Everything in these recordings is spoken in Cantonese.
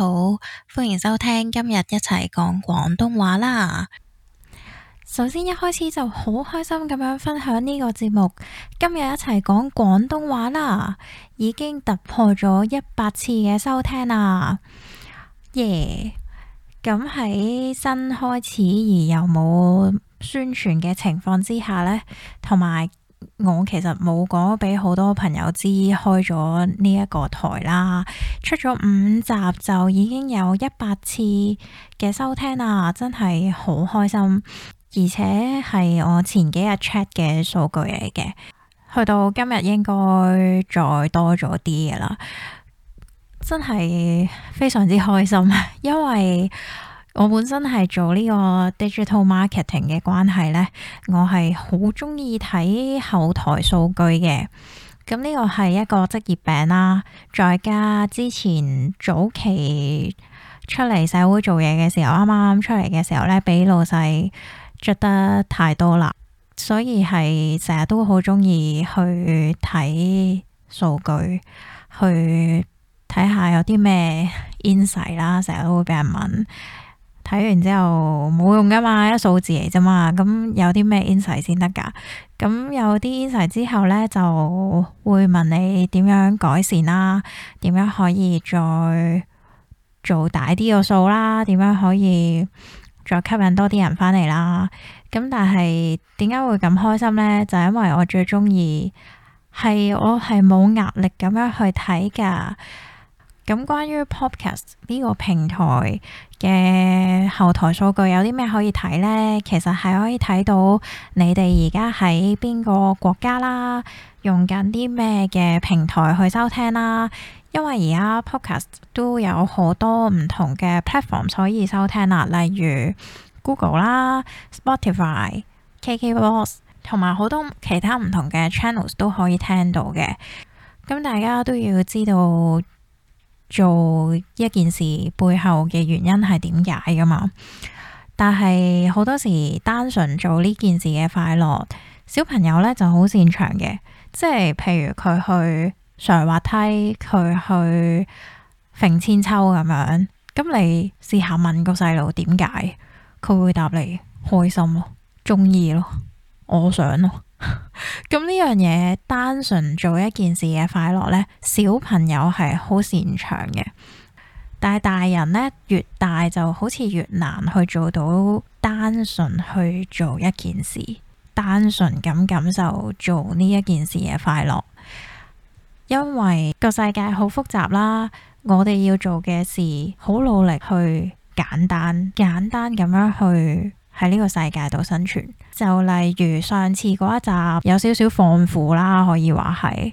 好，歡迎收聽今日一齊講廣東話啦。首先一開始就好開心咁樣分享呢個節目，今日一齊講廣東話啦，已經突破咗一百次嘅收聽啦。耶！咁喺新開始而又冇宣傳嘅情況之下呢，同埋。我其實冇講俾好多朋友知，開咗呢一個台啦，出咗五集就已經有一百次嘅收聽啦，真係好開心，而且係我前幾日 check 嘅數據嚟嘅，去到今日應該再多咗啲噶啦，真係非常之開心，因為。我本身係做呢個 digital marketing 嘅關係呢，我係好中意睇後台數據嘅。咁呢個係一個職業病啦。再加之前早期出嚟社會做嘢嘅時候，啱啱出嚟嘅時候呢，俾老細着得太多啦，所以係成日都好中意去睇數據，去睇下有啲咩 insight 啦，成日都會俾人問。睇完之後冇用噶嘛，一數字嚟啫嘛。咁有啲咩 insight 先得噶。咁有啲 insight 之後呢，就會問你點樣改善啦，點樣可以再做大啲個數啦，點樣可以再吸引多啲人翻嚟啦。咁但係點解會咁開心呢？就係因為我最中意係我係冇壓力咁樣去睇噶。咁關於 podcast 呢個平台。嘅後台數據有啲咩可以睇呢？其實係可以睇到你哋而家喺邊個國家啦，用緊啲咩嘅平台去收聽啦。因為而家 podcast 都有好多唔同嘅 platform 可以收聽啦，例如 Google 啦、Spotify、KKBox 同埋好多其他唔同嘅 channels 都可以聽到嘅。咁大家都要知道。做一件事背後嘅原因係點解噶嘛？但係好多時單純做呢件事嘅快樂，小朋友呢就好擅長嘅，即係譬如佢去上滑梯，佢去揈千秋咁樣。咁你試下問個細路點解，佢會答你開心咯，中意咯，我想咯。咁呢樣嘢，單純做一件事嘅快樂呢，小朋友係好擅長嘅，但係大人呢，越大就好似越難去做到單純去做一件事，單純咁感受做呢一件事嘅快樂，因為個世界好複雜啦，我哋要做嘅事，好努力去簡單、簡單咁樣去。喺呢個世界度生存，就例如上次嗰一集有少少放負啦，可以話係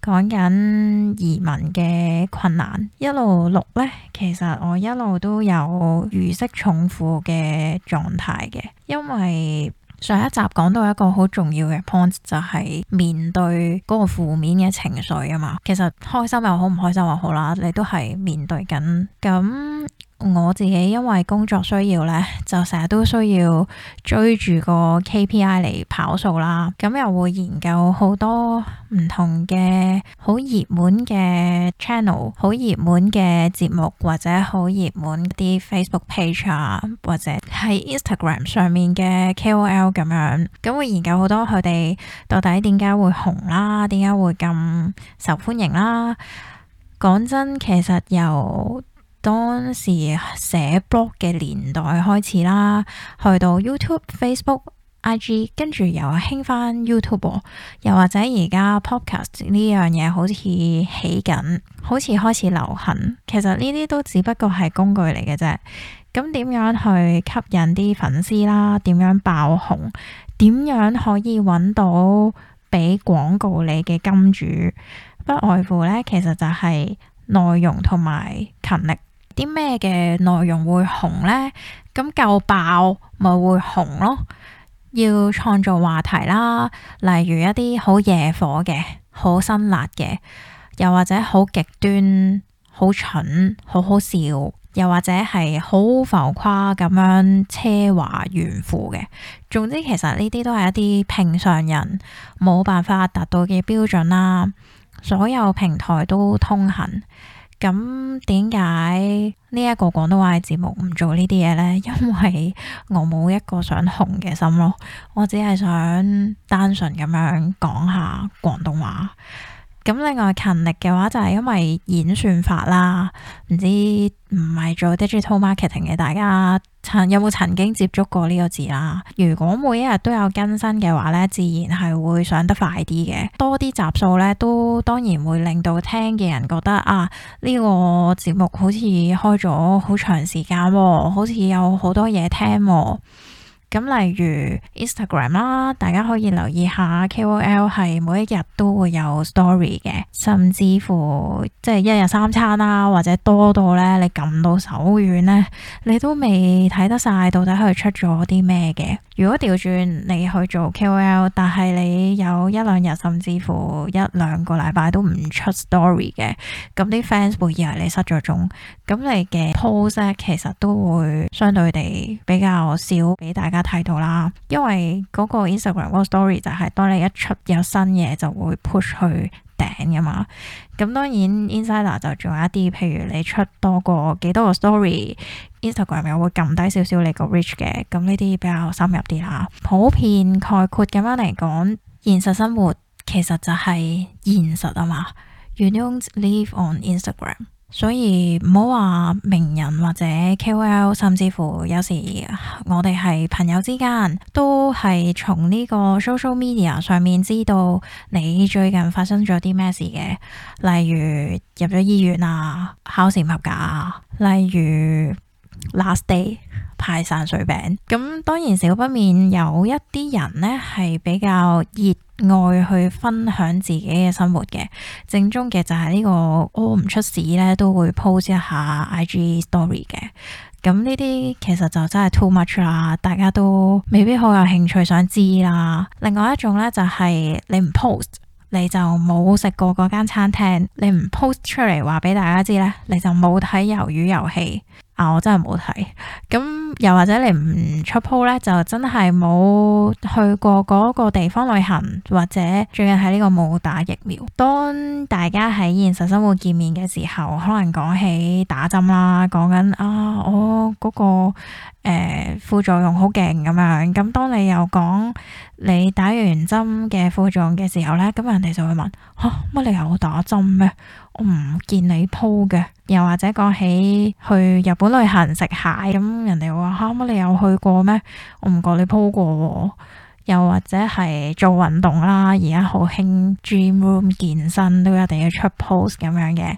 講緊移民嘅困難。一路錄呢，其實我一路都有如釋重負嘅狀態嘅，因為上一集講到一個好重要嘅 point，就係、是、面對嗰個負面嘅情緒啊嘛。其實開心又好，唔開心又好啦，你都係面對緊咁。我自己因為工作需要呢就成日都需要追住個 KPI 嚟跑數啦。咁又會研究好多唔同嘅好熱門嘅 channel，好熱門嘅節目或者好熱門啲 Facebook page 啊，或者喺 Instagram 上面嘅 KOL 咁樣，咁會研究好多佢哋到底點解會紅啦，點解會咁受歡迎啦。講真，其實由當時寫 blog 嘅年代開始啦，去到 YouTube、Facebook、IG，跟住又興翻 YouTube 又或者而家 podcast 呢樣嘢好似起緊，好似開始流行。其實呢啲都只不過係工具嚟嘅啫。咁點樣去吸引啲粉絲啦？點樣爆紅？點樣可以揾到俾廣告你嘅金主？不外乎呢，其實就係內容同埋勤力。啲咩嘅內容會紅呢？咁夠爆咪會紅咯。要創造話題啦，例如一啲好惹火嘅、好辛辣嘅，又或者好極端、好蠢、好好笑，又或者係好浮誇咁樣奢華炫富嘅。總之，其實呢啲都係一啲平常人冇辦法達到嘅標準啦。所有平台都通行。咁點解呢一個廣東話嘅節目唔做呢啲嘢呢？因為我冇一個想紅嘅心咯，我只係想單純咁樣講下廣東話。咁另外勤力嘅話，就係、是、因為就係因為演算法啦，唔知。唔係做 digital marketing 嘅，大家曾有冇曾經接觸過呢個字啦？如果每一日都有更新嘅話呢，自然係會上得快啲嘅。多啲集數呢，都當然會令到聽嘅人覺得啊，呢、呢個節目好似開咗好長時間喎，好似有好多嘢聽喎。咁例如 Instagram 啦，大家可以留意下 KOL 係每一日都會有 story 嘅，甚至乎即係一日三餐啦，或者多到咧你撳到手軟咧，你都未睇得晒到底佢出咗啲咩嘅。如果調轉你去做 KOL，但係你有一兩日甚至乎一兩個禮拜都唔出 story 嘅，咁啲 fans 會以為你失咗蹤，咁你嘅 post 其實都會相對地比較少俾大家睇到啦。因為嗰個 Instagram Story 就係當你一出有新嘢就會 push 去。頂噶嘛，咁當然 Insider 就仲有一啲，譬如你出多過幾多個 story，Instagram 又會撳低少少你個 reach 嘅，咁呢啲比較深入啲啦。普遍概括咁樣嚟講，現實生活其實就係現實啊嘛。You don't live on Instagram。所以唔好話名人或者 KOL，甚至乎有時我哋係朋友之間，都係從呢個 social media 上面知道你最近發生咗啲咩事嘅，例如入咗醫院啊，考試唔合格啊，例如 last day 派散水餅，咁當然少不免有一啲人呢係比較熱。愛去分享自己嘅生活嘅，正宗嘅就係呢、這個我唔、哦、出屎呢都會 post 一下 IG story 嘅。咁呢啲其實就真係 too much 啦，大家都未必好有興趣想知啦。另外一種呢、就是，就係你唔 post 你就冇食過嗰間餐廳，你唔 post 出嚟話俾大家知呢，你就冇睇魷魚遊戲。啊！我真係冇睇，咁又或者你唔出鋪呢，就真係冇去過嗰個地方旅行，或者最近喺呢個冇打疫苗。當大家喺現實生活見面嘅時候，可能講起打針啦，講緊啊我嗰，哦嗰個誒，呃、副作用好勁咁樣。咁當你又講你打完針嘅副作用嘅時候呢，咁人哋就會問：嚇乜你又打針咩？我唔見你 po 嘅，又或者講起去日本旅行食蟹咁，人哋話哈乜你有去過咩？我唔覺你 po 過，又或者係做運動啦，而家好興 gym room 健身，都一定要出 post 咁樣嘅。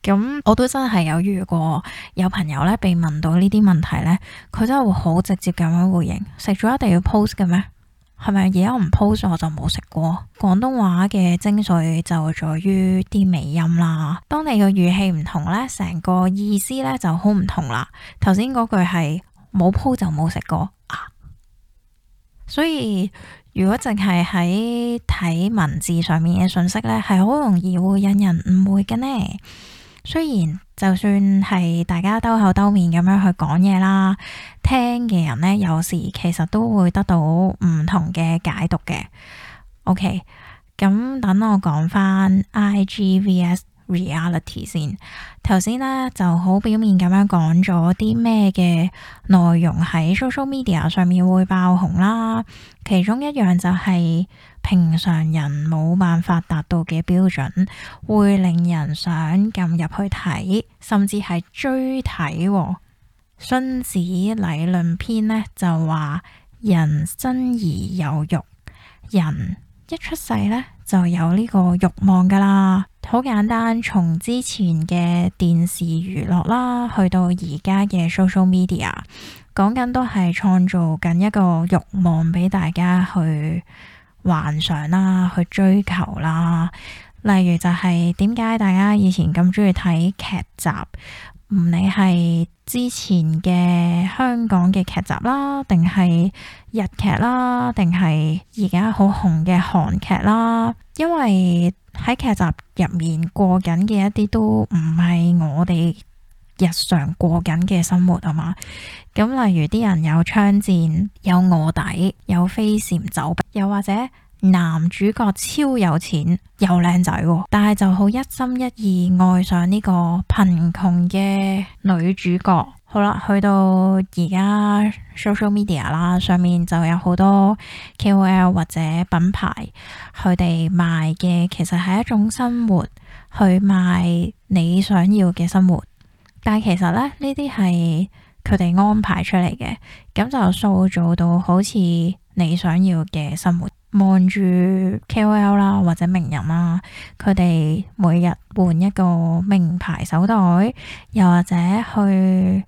咁我都真係有遇過，有朋友咧被問到呢啲問題呢，佢真係會好直接咁樣回應：食咗一定要 post 嘅咩？係咪而家？我唔 po 咗，我就冇食過。廣東話嘅精髓就在於啲尾音啦。當你嘅語氣唔同呢，成個意思呢就好唔同啦。頭先嗰句係冇 po 就冇食過啊。所以如果淨係喺睇文字上面嘅信息呢，係好容易會引人誤會嘅呢。雖然就算係大家兜口兜面咁樣去講嘢啦，聽嘅人呢，有時其實都會得到唔同嘅解讀嘅。OK，咁等我講返 IGVS Reality 先。頭先呢就好表面咁樣講咗啲咩嘅內容喺 social media 上面會爆紅啦，其中一樣就係、是。平常人冇辦法達到嘅標準，會令人想撳入去睇，甚至係追睇《荀子禮論篇》呢，就話人生而有欲，人一出世呢，就有呢個欲望噶啦。好簡單，從之前嘅電視娛樂啦，去到而家嘅 social media，講緊都係創造緊一個欲望俾大家去幻想啦，去追求啦。例如就係點解大家以前咁中意睇劇集，唔理係之前嘅香港嘅劇集啦，定係日劇啦，定係而家好紅嘅韓劇啦，因為喺劇集入面過緊嘅一啲都唔係我哋日常過緊嘅生活啊嘛，咁例如啲人有槍戰，有臥底，有飛檐走壁，又或者男主角超有錢又靚仔，但係就好一心一意愛上呢個貧窮嘅女主角。好啦，去到而家 social media 啦，上面就有好多 KOL 或者品牌，佢哋賣嘅其實係一種生活，去賣你想要嘅生活。但其實咧，呢啲係佢哋安排出嚟嘅，咁就塑造到好似你想要嘅生活。望住 KOL 啦，或者名人啊，佢哋每日換一個名牌手袋，又或者去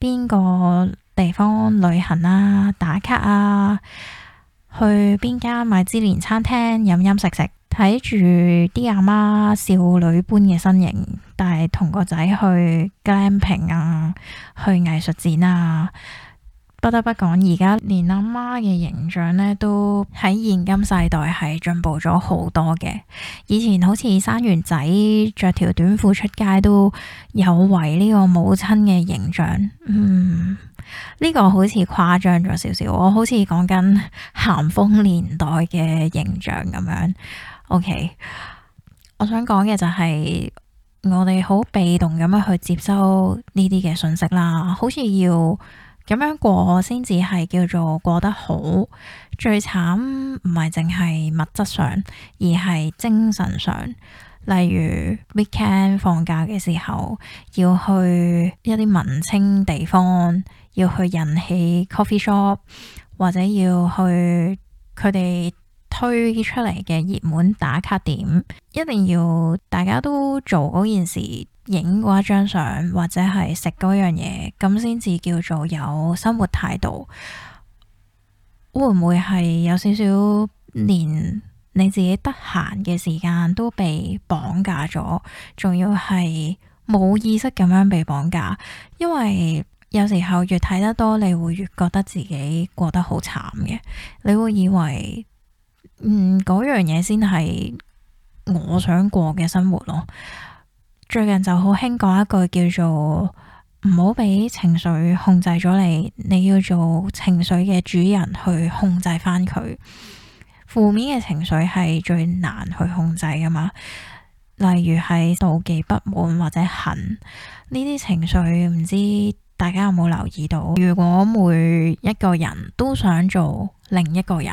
邊個地方旅行啊打卡啊，去邊間米芝蓮餐廳飲飲食食。睇住啲阿媽少女般嘅身形，但係同個仔去 glamping 啊，去藝術展啊，不得不講，而家連阿媽嘅形象呢，都喺現今世代係進步咗好多嘅。以前好似生完仔着條短褲出街都有違呢個母親嘅形象，嗯，呢、呢個好似誇張咗少少，我好似講緊咸豐年代嘅形象咁樣。OK，我想講嘅就係我哋好被動咁樣去接收呢啲嘅信息啦，好似要咁樣過先至係叫做過得好。最慘唔係淨係物質上，而係精神上。例如 weekend 放假嘅時候，要去一啲文青地方，要去人氣 coffee shop，或者要去佢哋。推出嚟嘅熱門打卡點，一定要大家都做嗰件事，影嗰一張相，或者係食嗰樣嘢，咁先至叫做有生活態度。會唔會係有少少連你自己得閒嘅時間都被綁架咗，仲要係冇意識咁樣被綁架？因為有時候越睇得多，你會越覺得自己過得好慘嘅，你會以為。嗯，嗰樣嘢先係我想過嘅生活咯。最近就好興講一句叫做唔好俾情緒控制咗你，你要做情緒嘅主人去控制返佢。負面嘅情緒係最難去控制㗎嘛，例如係妒忌、不滿或者恨呢啲情緒，唔知大家有冇留意到？如果每一個人都想做另一個人。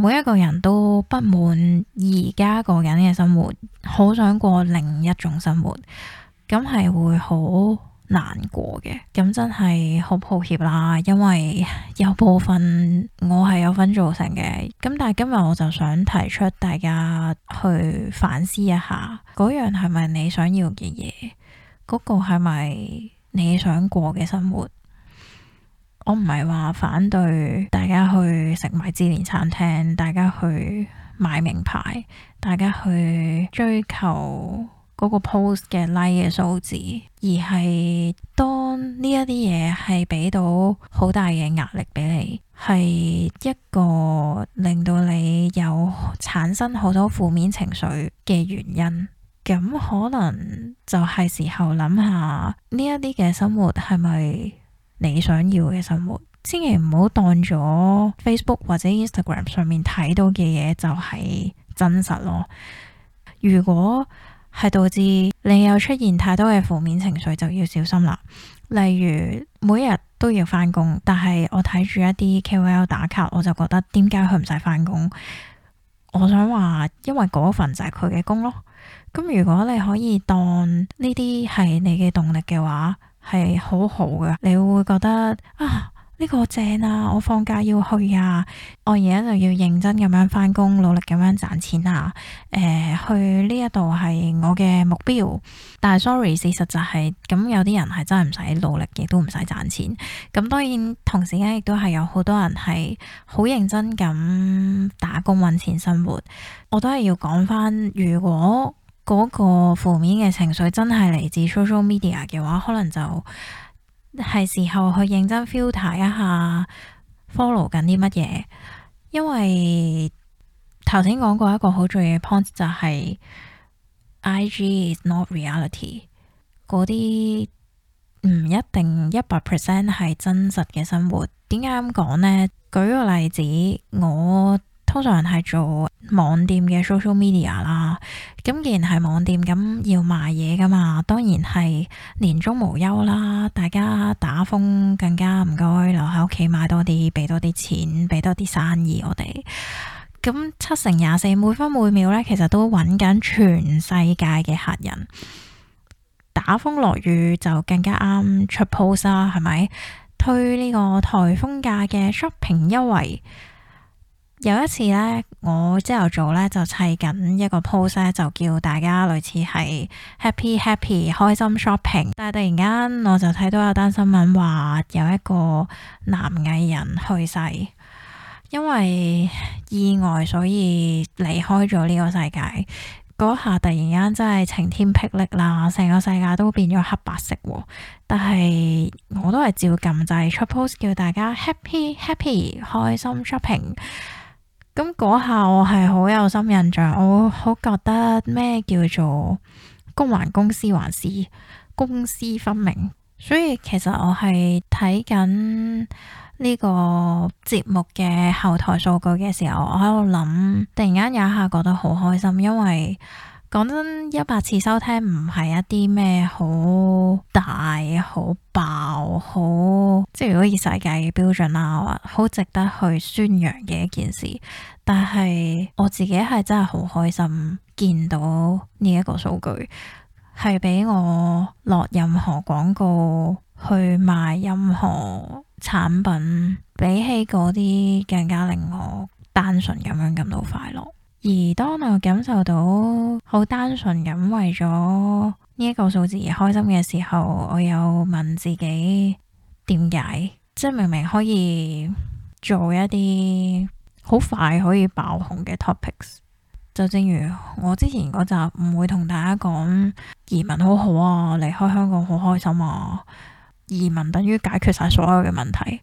每一個人都不滿而家過緊嘅生活，好想過另一種生活，咁係會好難過嘅。咁真係好抱歉啦，因為有部分我係有份造成嘅。咁但係今日我就想提出，大家去反思一下，嗰樣係咪你想要嘅嘢？嗰、那個係咪你想過嘅生活？我唔係話反對大家去食埋米芝蓮餐廳，大家去買名牌，大家去追求嗰個 post 嘅 like 嘅數字，而係當呢一啲嘢係俾到好大嘅壓力俾你，係一個令到你有產生好多負面情緒嘅原因，咁可能就係時候諗下呢一啲嘅生活係咪？你想要嘅生活，千祈唔好當咗 Facebook 或者 Instagram 上面睇到嘅嘢就係真實咯。如果係導致你有出現太多嘅負面情緒，就要小心啦。例如，每一日都要返工，但係我睇住一啲 KOL 打卡，我就覺得點解佢唔使返工？我想話，因為嗰份就係佢嘅工咯。咁如果你可以當呢啲係你嘅動力嘅話，係好好嘅，你會覺得啊呢個正啊，我放假要去啊，我而家就要認真咁樣返工，努力咁樣賺錢啊。誒、呃，去呢一度係我嘅目標，但係 sorry，事實就係、是、咁，有啲人係真係唔使努力，亦都唔使賺錢。咁當然，同時間亦都係有好多人係好認真咁打工搵錢生活。我都係要講翻，如果。嗰個負面嘅情緒真係嚟自 social media 嘅話，可能就係時候去認真 filter 一下 follow 緊啲乜嘢，因為頭先講過一個好重要嘅 point 就係 IG is not reality，嗰啲唔一定一百 percent 係真實嘅生活。點解咁講呢？舉個例子，我。通常係做網店嘅 social media 啦，咁既然係網店，咁要賣嘢噶嘛，當然係年終無休啦。大家打風更加唔該留喺屋企買多啲，俾多啲錢，俾多啲生意我哋。咁七成廿四每分每秒呢，其實都揾緊全世界嘅客人。打風落雨就更加啱出 post 啦，係咪？推呢個颱風價嘅 shopping 優惠。有一次呢，我朝頭早呢就砌緊一個 post 咧，就叫大家類似係 happy happy 開心 shopping。但係突然間我就睇到有單新聞話有一個男藝人去世，因為意外所以離開咗呢個世界。嗰下突然間真係晴天霹靂啦，成個世界都變咗黑白色。但係我都係照撳掣出 post 叫大家 happy happy 開心 shopping。咁嗰下我係好有心印象，我好覺得咩叫做公還公私還是公私分明。所以其實我係睇緊呢個節目嘅後台數據嘅時候，我喺度諗，突然間有一下覺得好開心，因為。講真，一百次收聽唔係一啲咩好大、好爆、好即係如果以世界嘅標準啦，或好值得去宣揚嘅一件事。但係我自己係真係好開心見到呢一個數據，係比我落任何廣告去賣任何產品，比起嗰啲更加令我單純咁樣感到快樂。而當我感受到好單純咁為咗呢一個數字而開心嘅時候，我又問自己點解？即係明明可以做一啲好快可以爆紅嘅 topics，就正如我之前嗰集唔會同大家講移民好好啊，離開香港好開心啊，移民等於解決晒所有嘅問題，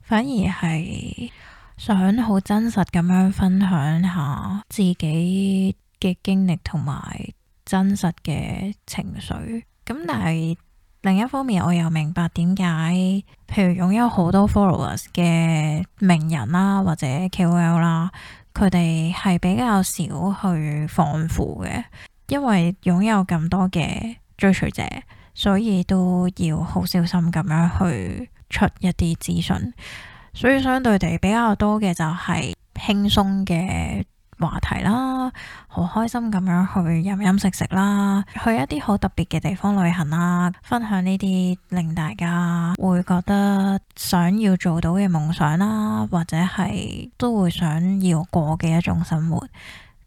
反而係。想好真實咁樣分享下自己嘅經歷同埋真實嘅情緒，咁但係另一方面，我又明白點解，譬如擁有好多 followers 嘅名人啦，或者 KOL 啦，佢哋係比較少去放負嘅，因為擁有咁多嘅追隨者，所以都要好小心咁樣去出一啲資訊。所以相對地比較多嘅，就係輕鬆嘅話題啦，好開心咁樣去飲飲飲食食啦，去一啲好特別嘅地方旅行啦，分享呢啲令大家會覺得想要做到嘅夢想啦，或者係都會想要過嘅一種生活，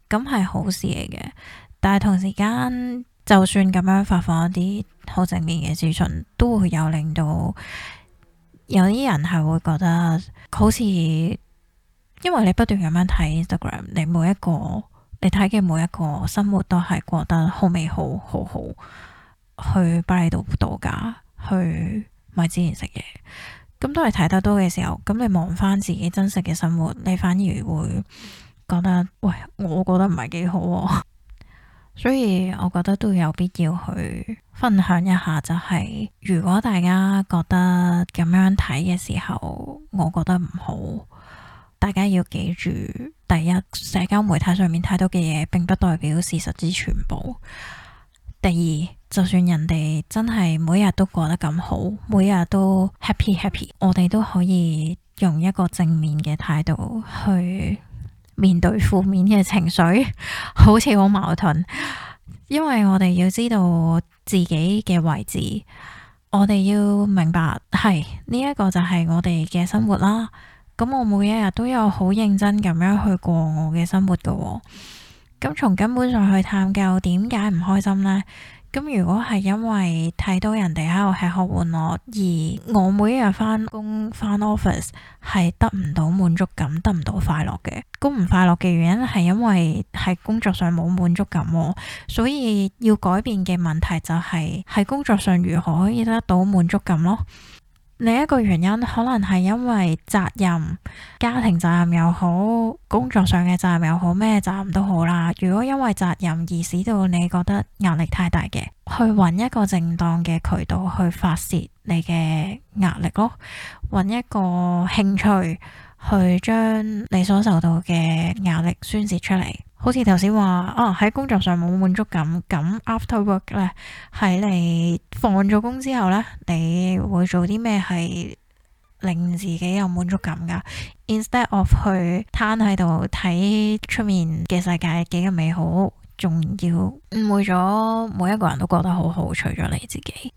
咁係好事嚟嘅。但係同時間就算咁樣發放一啲好正面嘅資訊，都會有令到有啲人係會覺得好似，因為你不斷咁樣睇 Instagram，你每一個你睇嘅，每一個生活都係過得好美好，好好去巴厘島度假，去買之前食嘢，咁當你睇得多嘅時候，咁你望翻自己真實嘅生活，你反而會覺得，喂，我覺得唔係幾好喎。所以我覺得都有必要去分享一下，就是，就係如果大家覺得咁樣睇嘅時候，我覺得唔好。大家要記住，第一，社交媒體上面睇到嘅嘢，並不代表事實之全部。第二，就算人哋真係每日都過得咁好，每日都 happy happy，我哋都可以用一個正面嘅態度去。面對負面嘅情緒，好似好矛盾，因為我哋要知道自己嘅位置，我哋要明白係呢一個就係我哋嘅生活啦。咁我每一日都有好認真咁樣去過我嘅生活㗎喎，咁從根本上去探究點解唔開心呢？咁如果係因為睇到人哋喺度吃喝玩樂，而我每日返工返 office 係得唔到滿足感，得唔到快樂嘅，咁唔快樂嘅原因係因為喺工作上冇滿足感，所以要改變嘅問題就係、是、喺工作上如何可以得到滿足感咯。另一個原因可能係因為責任，家庭責任又好，工作上嘅責任又好，咩責任都好啦。如果因為責任而使到你覺得壓力太大嘅，去搵一個正當嘅渠道去發泄你嘅壓力咯，搵一個興趣去將你所受到嘅壓力宣泄出嚟。好似頭先話，哦、啊、喺工作上冇滿足感，咁 after work 咧，喺你放咗工之後咧，你會做啲咩係令自己有滿足感噶？Instead of 去攤喺度睇出面嘅世界幾咁美好，仲要誤會咗每一個人都覺得好好，除咗你自己。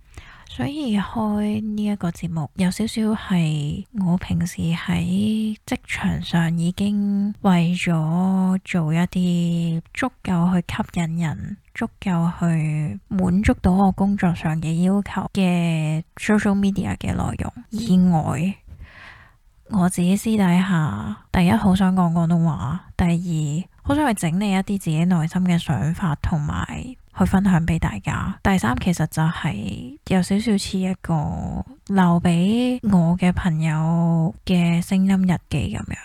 所以開呢一個節目，有少少係我平時喺職場上已經為咗做一啲足夠去吸引人、足夠去滿足到我工作上嘅要求嘅 social media 嘅內容以外，我自己私底下，第一好想講廣東話，第二好想去整理一啲自己內心嘅想法同埋，去分享俾大家。第三，其實就係有少少似一個留俾我嘅朋友嘅聲音日記咁樣，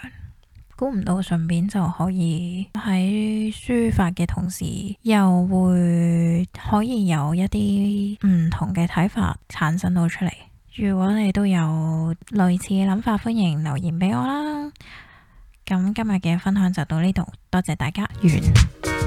估唔到順便就可以喺抒發嘅同時，又會可以有一啲唔同嘅睇法產生到出嚟。如果你都有類似嘅諗法，歡迎留言俾我啦。咁今日嘅分享就到呢度，多謝大家，完。